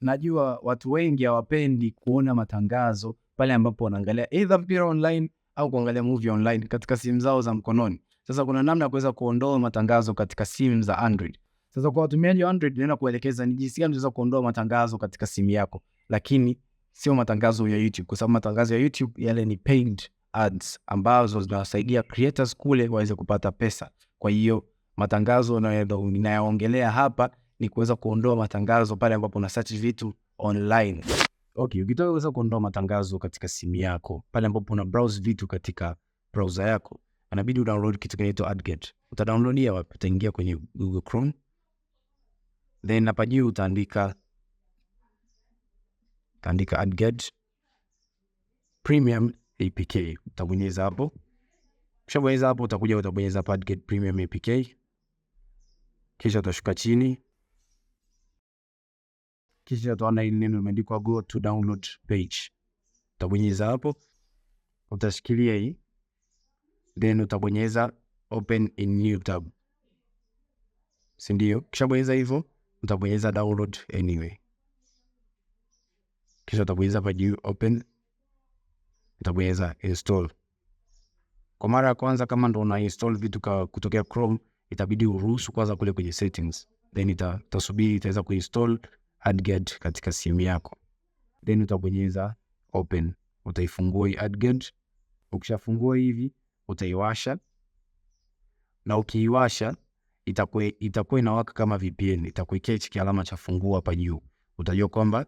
najua watu wengi hawapendi kuona matangazo pale ambapo wanaangalia either mpira online au kuangalia movie online katika simu zao za mkononi. Sasa kuna namna ya kuweza kuondoa matangazo katika simu za Android. Sasa kwa watumiaji wa Android, naenda kuelekeza ni jinsi gani unaweza kuondoa matangazo katika simu yako, lakini sio matangazo ya YouTube, kwa sababu matangazo ya YouTube yale ni paid ads ambazo zinawasaidia creators kule waweze kupata pesa. Kwa hiyo matangazo ninayoongelea hapa ni kuweza kuondoa matangazo pale ambapo una search vitu online. Okay, ukitaka kuweza kuondoa matangazo katika simu yako pale ambapo una browse vitu katika browser yako, inabidi udownload kitu kinaitwa AdGet. Uta download utaingia kwenye Google Chrome. Then hapa juu utaandika utaandika AdGet Premium APK. Utabonyeza hapo. Ukishabonyeza hapo utakuja utabonyeza AdGet Premium APK. Kisha utashuka chini kisha utaona hili neno limeandikwa go to download page. Utabonyeza hapo, utashikilia hii, then utabonyeza open in new tab, si ndio? Kisha bonyeza hivyo, utabonyeza download anyway, kisha utabonyeza hapa juu open, utabonyeza install. Kwa mara ya kwanza, kama ndo una install vitu kutokea Chrome, itabidi uruhusu kwanza kule kwenye settings, then itasubiri itaweza kuinstall AdGet katika simu yako, then utabonyeza open, utaifungua hii AdGet. Ukishafungua hivi utaiwasha, na ukiiwasha itakuwa itakuwa inawaka kama VPN, itakuwa hichi kialama cha fungua hapa juu, utajua kwamba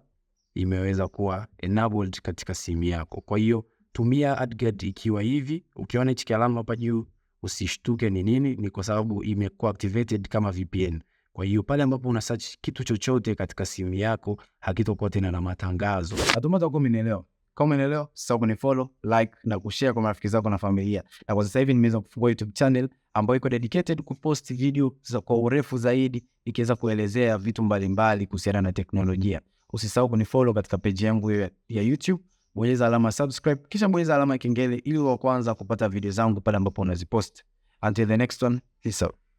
imeweza kuwa enabled katika simu yako. Kwa hiyo tumia AdGet ikiwa hivi, ukiona hichi kialama hapa juu usishtuke ni nini, ni kwa sababu imekuwa activated kama VPN. Kwa hiyo pale ambapo una search kitu chochote katika simu yako hakitokuwa tena na matangazo. Natumai utakuwa umenielewa. Kama umeelewa, sasa ukinifollow, like na kushare kwa marafiki zako na familia. Na kwa sasa hivi nimeweza kufungua YouTube channel ambayo iko dedicated kupost video za kwa urefu zaidi ikiweza kuelezea vitu mbalimbali kuhusiana na teknolojia. Usisahau kunifollow katika page yangu ya YouTube, bonyeza alama subscribe, kisha bonyeza alama ya kengele ili uwe wa kwanza kupata video zangu pale ambapo unazipost. Until the next one, peace out.